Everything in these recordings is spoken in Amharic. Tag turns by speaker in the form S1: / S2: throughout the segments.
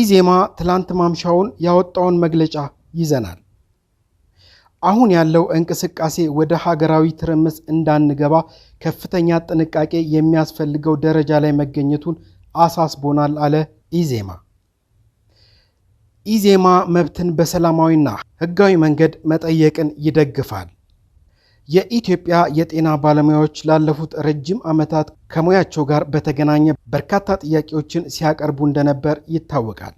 S1: ኢዜማ ትላንት ማምሻውን ያወጣውን መግለጫ ይዘናል። አሁን ያለው እንቅስቃሴ ወደ ሀገራዊ ትርምስ እንዳንገባ ከፍተኛ ጥንቃቄ የሚያስፈልገው ደረጃ ላይ መገኘቱን አሳስቦናል አለ ኢዜማ። ኢዜማ መብትን በሰላማዊና ሕጋዊ መንገድ መጠየቅን ይደግፋል። የኢትዮጵያ የጤና ባለሙያዎች ላለፉት ረጅም ዓመታት ከሙያቸው ጋር በተገናኘ በርካታ ጥያቄዎችን ሲያቀርቡ እንደነበር ይታወቃል።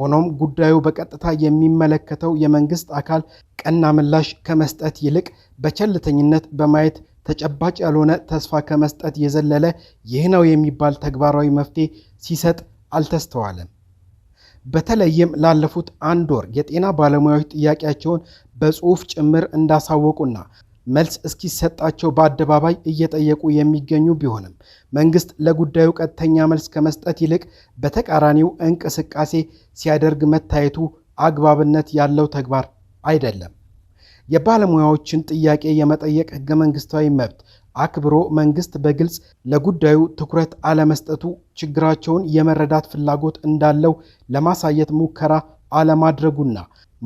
S1: ሆኖም ጉዳዩ በቀጥታ የሚመለከተው የመንግስት አካል ቀና ምላሽ ከመስጠት ይልቅ በቸልተኝነት በማየት ተጨባጭ ያልሆነ ተስፋ ከመስጠት የዘለለ ይህ ነው የሚባል ተግባራዊ መፍትሄ ሲሰጥ አልተስተዋለም። በተለይም ላለፉት አንድ ወር የጤና ባለሙያዎች ጥያቄያቸውን በጽሑፍ ጭምር እንዳሳወቁና መልስ እስኪሰጣቸው በአደባባይ እየጠየቁ የሚገኙ ቢሆንም መንግስት ለጉዳዩ ቀጥተኛ መልስ ከመስጠት ይልቅ በተቃራኒው እንቅስቃሴ ሲያደርግ መታየቱ አግባብነት ያለው ተግባር አይደለም። የባለሙያዎችን ጥያቄ የመጠየቅ ህገ መንግስታዊ መብት አክብሮ መንግስት በግልጽ ለጉዳዩ ትኩረት አለመስጠቱ ችግራቸውን የመረዳት ፍላጎት እንዳለው ለማሳየት ሙከራ አለማድረጉና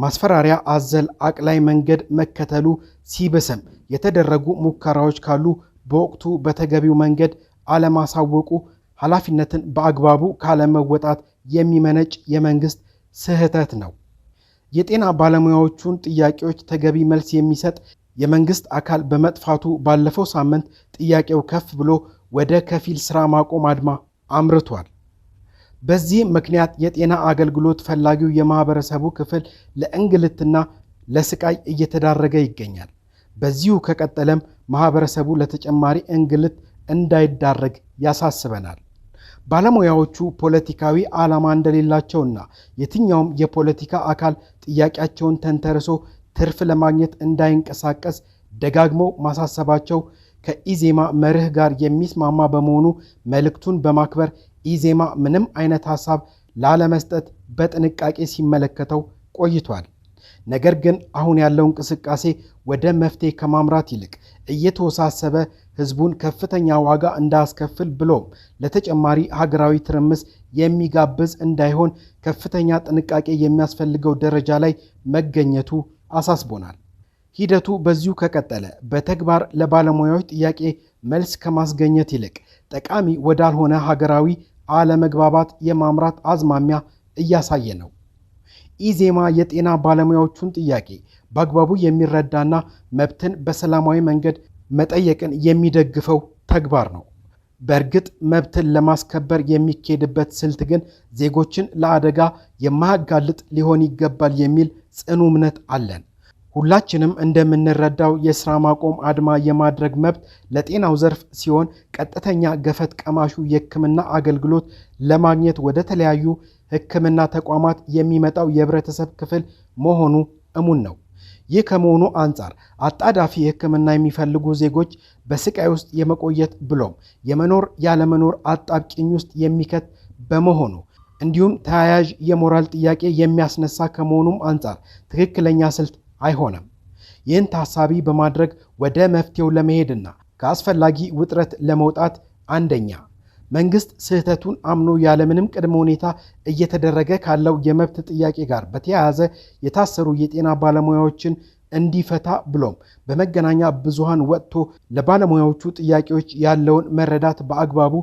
S1: ማስፈራሪያ አዘል አቅላይ መንገድ መከተሉ ሲብስም የተደረጉ ሙከራዎች ካሉ በወቅቱ በተገቢው መንገድ አለማሳወቁ ኃላፊነትን በአግባቡ ካለመወጣት የሚመነጭ የመንግስት ስህተት ነው። የጤና ባለሙያዎቹን ጥያቄዎች ተገቢ መልስ የሚሰጥ የመንግስት አካል በመጥፋቱ ባለፈው ሳምንት ጥያቄው ከፍ ብሎ ወደ ከፊል ስራ ማቆም አድማ አምርቷል። በዚህም ምክንያት የጤና አገልግሎት ፈላጊው የማህበረሰቡ ክፍል ለእንግልትና ለስቃይ እየተዳረገ ይገኛል። በዚሁ ከቀጠለም ማህበረሰቡ ለተጨማሪ እንግልት እንዳይዳረግ ያሳስበናል። ባለሙያዎቹ ፖለቲካዊ ዓላማ እንደሌላቸውና የትኛውም የፖለቲካ አካል ጥያቄያቸውን ተንተርሶ ትርፍ ለማግኘት እንዳይንቀሳቀስ ደጋግመው ማሳሰባቸው ከኢዜማ መርህ ጋር የሚስማማ በመሆኑ መልእክቱን በማክበር ኢዜማ ምንም አይነት ሀሳብ ላለመስጠት በጥንቃቄ ሲመለከተው ቆይቷል። ነገር ግን አሁን ያለው እንቅስቃሴ ወደ መፍትሄ ከማምራት ይልቅ እየተወሳሰበ ህዝቡን ከፍተኛ ዋጋ እንዳያስከፍል ብሎም ለተጨማሪ ሀገራዊ ትርምስ የሚጋብዝ እንዳይሆን ከፍተኛ ጥንቃቄ የሚያስፈልገው ደረጃ ላይ መገኘቱ አሳስቦናል። ሂደቱ በዚሁ ከቀጠለ በተግባር ለባለሙያዎች ጥያቄ መልስ ከማስገኘት ይልቅ ጠቃሚ ወዳልሆነ ሀገራዊ አለመግባባት የማምራት አዝማሚያ እያሳየ ነው። ኢዜማ የጤና ባለሙያዎቹን ጥያቄ በአግባቡ የሚረዳና መብትን በሰላማዊ መንገድ መጠየቅን የሚደግፈው ተግባር ነው። በእርግጥ መብትን ለማስከበር የሚካሄድበት ስልት ግን ዜጎችን ለአደጋ የማያጋልጥ ሊሆን ይገባል የሚል ጽኑ እምነት አለን። ሁላችንም እንደምንረዳው የስራ ማቆም አድማ የማድረግ መብት ለጤናው ዘርፍ ሲሆን ቀጥተኛ ገፈት ቀማሹ የሕክምና አገልግሎት ለማግኘት ወደ ተለያዩ ሕክምና ተቋማት የሚመጣው የህብረተሰብ ክፍል መሆኑ እሙን ነው። ይህ ከመሆኑ አንጻር አጣዳፊ ሕክምና የሚፈልጉ ዜጎች በስቃይ ውስጥ የመቆየት ብሎም የመኖር ያለመኖር አጣብቂኝ ውስጥ የሚከት በመሆኑ እንዲሁም ተያያዥ የሞራል ጥያቄ የሚያስነሳ ከመሆኑም አንጻር ትክክለኛ ስልት አይሆንም። ይህን ታሳቢ በማድረግ ወደ መፍትሄው ለመሄድና ከአስፈላጊ ውጥረት ለመውጣት አንደኛ መንግስት ስህተቱን አምኖ ያለምንም ቅድመ ሁኔታ እየተደረገ ካለው የመብት ጥያቄ ጋር በተያያዘ የታሰሩ የጤና ባለሙያዎችን እንዲፈታ ብሎም በመገናኛ ብዙሃን ወጥቶ ለባለሙያዎቹ ጥያቄዎች ያለውን መረዳት በአግባቡ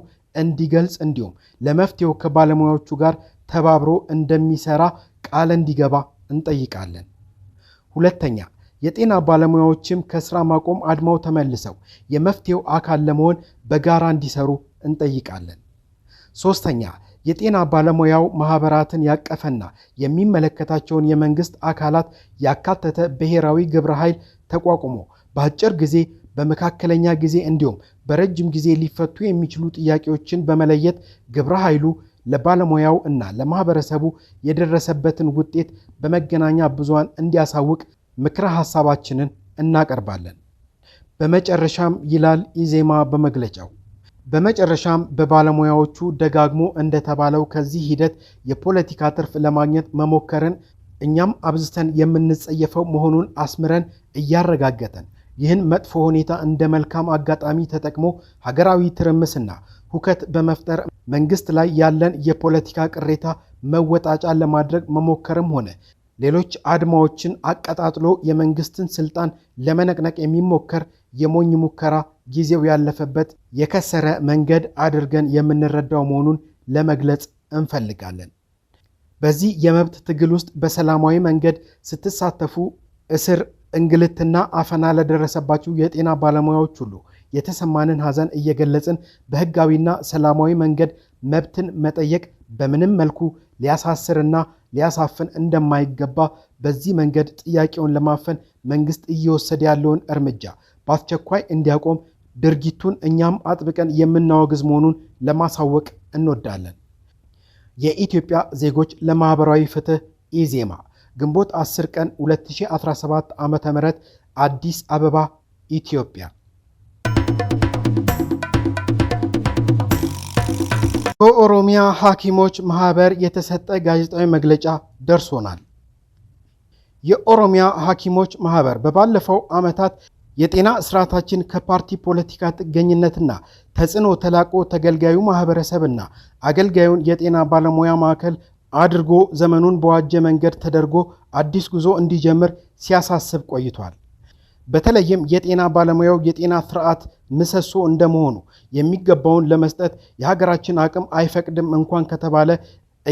S1: እንዲገልጽ እንዲሁም ለመፍትሄው ከባለሙያዎቹ ጋር ተባብሮ እንደሚሰራ ቃል እንዲገባ እንጠይቃለን። ሁለተኛ የጤና ባለሙያዎችም ከስራ ማቆም አድማው ተመልሰው የመፍትሄው አካል ለመሆን በጋራ እንዲሰሩ እንጠይቃለን። ሶስተኛ የጤና ባለሙያው ማህበራትን ያቀፈና የሚመለከታቸውን የመንግስት አካላት ያካተተ ብሔራዊ ግብረ ኃይል ተቋቁሞ በአጭር ጊዜ፣ በመካከለኛ ጊዜ እንዲሁም በረጅም ጊዜ ሊፈቱ የሚችሉ ጥያቄዎችን በመለየት ግብረ ኃይሉ ለባለሙያው እና ለማህበረሰቡ የደረሰበትን ውጤት በመገናኛ ብዙሃን እንዲያሳውቅ ምክረ ሐሳባችንን እናቀርባለን። በመጨረሻም ይላል ኢዜማ በመግለጫው በመጨረሻም በባለሙያዎቹ ደጋግሞ እንደተባለው ከዚህ ሂደት የፖለቲካ ትርፍ ለማግኘት መሞከርን እኛም አብዝተን የምንጸየፈው መሆኑን አስምረን እያረጋገጠን ይህን መጥፎ ሁኔታ እንደ መልካም አጋጣሚ ተጠቅሞ ሀገራዊ ትርምስና ሁከት በመፍጠር መንግስት ላይ ያለን የፖለቲካ ቅሬታ መወጣጫ ለማድረግ መሞከርም ሆነ ሌሎች አድማዎችን አቀጣጥሎ የመንግስትን ስልጣን ለመነቅነቅ የሚሞከር የሞኝ ሙከራ ጊዜው ያለፈበት የከሰረ መንገድ አድርገን የምንረዳው መሆኑን ለመግለጽ እንፈልጋለን። በዚህ የመብት ትግል ውስጥ በሰላማዊ መንገድ ስትሳተፉ እስር፣ እንግልትና አፈና ለደረሰባችሁ የጤና ባለሙያዎች ሁሉ የተሰማንን ሐዘን እየገለጽን በህጋዊና ሰላማዊ መንገድ መብትን መጠየቅ በምንም መልኩ ሊያሳስርና ሊያሳፍን እንደማይገባ በዚህ መንገድ ጥያቄውን ለማፈን መንግስት እየወሰደ ያለውን እርምጃ በአስቸኳይ እንዲያቆም ድርጊቱን እኛም አጥብቀን የምናወግዝ መሆኑን ለማሳወቅ እንወዳለን። የኢትዮጵያ ዜጎች ለማህበራዊ ፍትህ ኢዜማ ግንቦት 10 ቀን 2017 ዓ.ም አዲስ አበባ ኢትዮጵያ
S2: በኦሮሚያ ሐኪሞች ማህበር የተሰጠ ጋዜጣዊ መግለጫ ደርሶናል። የኦሮሚያ ሐኪሞች ማህበር በባለፈው ዓመታት የጤና ስርዓታችን ከፓርቲ ፖለቲካ ጥገኝነትና ተጽዕኖ ተላቆ ተገልጋዩ ማህበረሰብና አገልጋዩን የጤና ባለሙያ ማዕከል አድርጎ ዘመኑን በዋጀ መንገድ ተደርጎ አዲስ ጉዞ እንዲጀምር ሲያሳስብ ቆይቷል። በተለይም የጤና ባለሙያው የጤና ስርዓት ምሰሶ እንደመሆኑ የሚገባውን ለመስጠት የሀገራችን አቅም አይፈቅድም እንኳን ከተባለ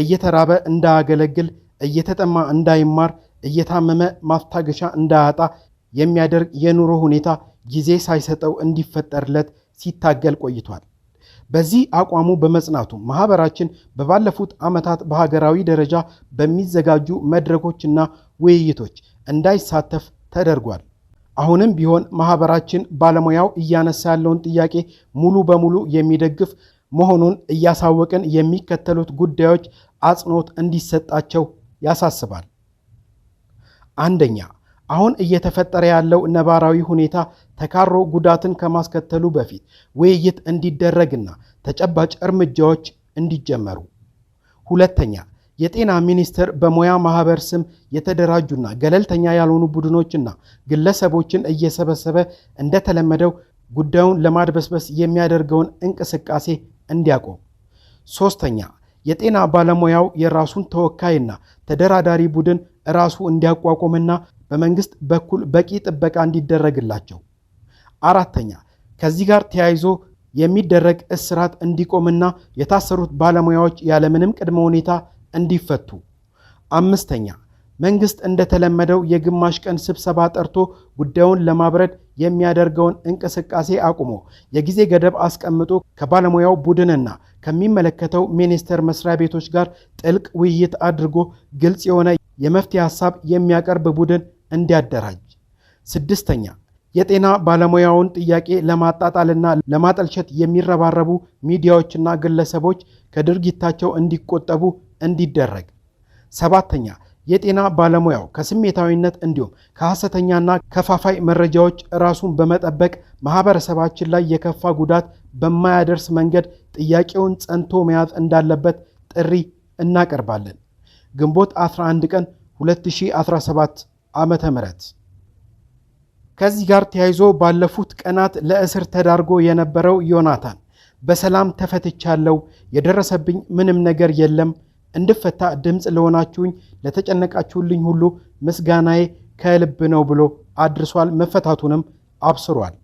S2: እየተራበ እንዳያገለግል፣ እየተጠማ እንዳይማር፣ እየታመመ ማስታገሻ እንዳያጣ የሚያደርግ የኑሮ ሁኔታ ጊዜ ሳይሰጠው እንዲፈጠርለት ሲታገል ቆይቷል። በዚህ አቋሙ በመጽናቱ ማህበራችን በባለፉት ዓመታት በሀገራዊ ደረጃ በሚዘጋጁ መድረኮችና ውይይቶች እንዳይሳተፍ ተደርጓል። አሁንም ቢሆን ማህበራችን ባለሙያው እያነሳ ያለውን ጥያቄ ሙሉ በሙሉ የሚደግፍ መሆኑን እያሳወቅን የሚከተሉት ጉዳዮች አጽንኦት እንዲሰጣቸው ያሳስባል። አንደኛ፣ አሁን እየተፈጠረ ያለው ነባራዊ ሁኔታ ተካሮ ጉዳትን ከማስከተሉ በፊት ውይይት እንዲደረግና ተጨባጭ እርምጃዎች እንዲጀመሩ። ሁለተኛ የጤና ሚኒስቴር በሙያ ማህበር ስም የተደራጁና ገለልተኛ ያልሆኑ ቡድኖችና ግለሰቦችን እየሰበሰበ እንደተለመደው ጉዳዩን ለማድበስበስ የሚያደርገውን እንቅስቃሴ እንዲያቆም። ሶስተኛ የጤና ባለሙያው የራሱን ተወካይና ተደራዳሪ ቡድን ራሱ እንዲያቋቁምና በመንግስት በኩል በቂ ጥበቃ እንዲደረግላቸው። አራተኛ ከዚህ ጋር ተያይዞ የሚደረግ እስራት እንዲቆምና የታሰሩት ባለሙያዎች ያለምንም ቅድመ ሁኔታ እንዲፈቱ። አምስተኛ መንግስት እንደተለመደው የግማሽ ቀን ስብሰባ ጠርቶ ጉዳዩን ለማብረድ የሚያደርገውን እንቅስቃሴ አቁሞ የጊዜ ገደብ አስቀምጦ ከባለሙያው ቡድንና ከሚመለከተው ሚኒስቴር መስሪያ ቤቶች ጋር ጥልቅ ውይይት አድርጎ ግልጽ የሆነ የመፍትሄ ሀሳብ የሚያቀርብ ቡድን እንዲያደራጅ። ስድስተኛ የጤና ባለሙያውን ጥያቄ ለማጣጣልና ለማጠልሸት የሚረባረቡ ሚዲያዎችና ግለሰቦች ከድርጊታቸው እንዲቆጠቡ እንዲደረግ። ሰባተኛ የጤና ባለሙያው ከስሜታዊነት እንዲሁም ከሐሰተኛና ከፋፋይ መረጃዎች ራሱን በመጠበቅ ማህበረሰባችን ላይ የከፋ ጉዳት በማያደርስ መንገድ ጥያቄውን ጸንቶ መያዝ እንዳለበት ጥሪ እናቀርባለን። ግንቦት 11 ቀን 2017 ዓ ም ከዚህ ጋር ተያይዞ ባለፉት ቀናት ለእስር ተዳርጎ የነበረው ዮናታን በሰላም ተፈትቻለሁ፣ የደረሰብኝ ምንም ነገር የለም እንድፈታ ድምፅ ለሆናችሁኝ ለተጨነቃችሁልኝ ሁሉ ምስጋናዬ ከልብ ነው ብሎ አድርሷል። መፈታቱንም አብስሯል።